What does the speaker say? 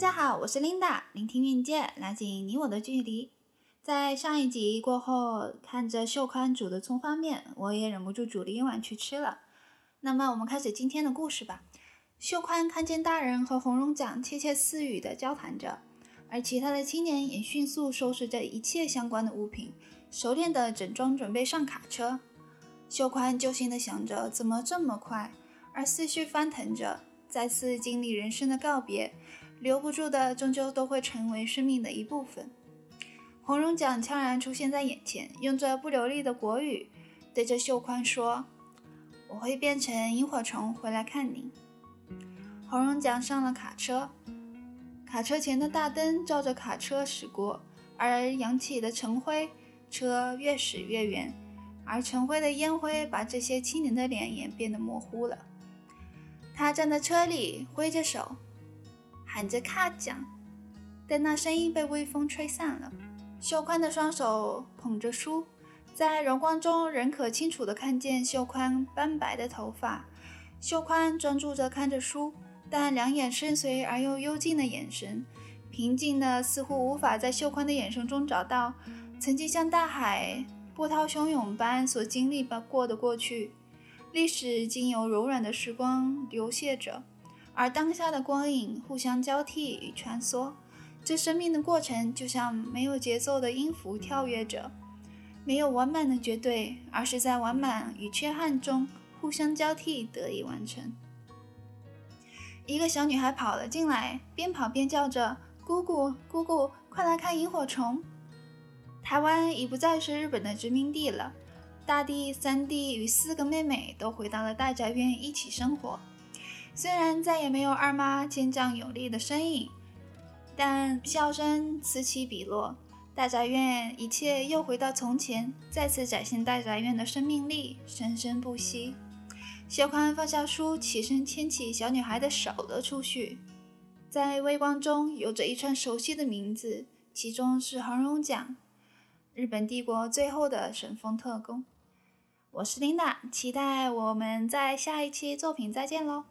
大家好，我是 Linda，聆聽遇見，拉近你我的距離。在上一集過後，看着秀寬煮的蔥花麵，我也忍不住煮了一碗去吃了。那麼，我們開始今天的故事吧。秀寬看見大人和紅龍講竊竊私語的交談着，而其他的青年也迅速收拾着一切相關的物品，熟練的整裝準備上卡車。秀寬揪心的想着怎麼這麼快，而思緒翻騰着，再次經歷人生的告別。留不住的，終究都會成為生命的一部分。紅榮獎悄然出現在眼前，用着不流利的國語對着秀寬說：“我會變成螢火蟲回來看你。”紅榮獎上了卡車，卡車前的大燈照着卡車駛過，而揚起的塵灰，車越駛越遠，而塵灰的煙灰把這些親人的臉也變得模糊了。他站在車裡揮着手。喊着“咔”講，但那聲音被微風吹散了。秀寬的雙手捧着書，在柔光中仍可清楚地看見秀寬斑白的頭髮。秀寬專注着看着書，但兩眼深邃而又幽靜的眼神，平靜的似乎無法在秀寬的眼神中找到曾經像大海波濤洶湧般所經歷過的過去。歷史經由柔軟的時光流瀉着。而當下的光影互相交替與穿梭，這生命的過程就像沒有節奏的音符跳躍着，沒有完滿的絕對，而是在完滿與缺憾中互相交替得以完成。一個小女孩跑了進來，邊跑邊叫着：“姑姑，姑姑，快來看螢火蟲！”台灣已不再是日本的殖民地了，大弟、三弟與四個妹妹都回到了大宅院一起生活。雖然再也沒有二媽堅強有力的身影，但笑聲此起彼落，大宅院一切又回到從前，再次展現大宅院的生命力，生生不息。秀寬放下書，起身牽起小女孩的手，走出去。在微光中，有着一串熟悉的名字，其中是恆榮獎，日本帝國最後的神風特攻。我是琳達，期待我們在下一期作品再見嘍。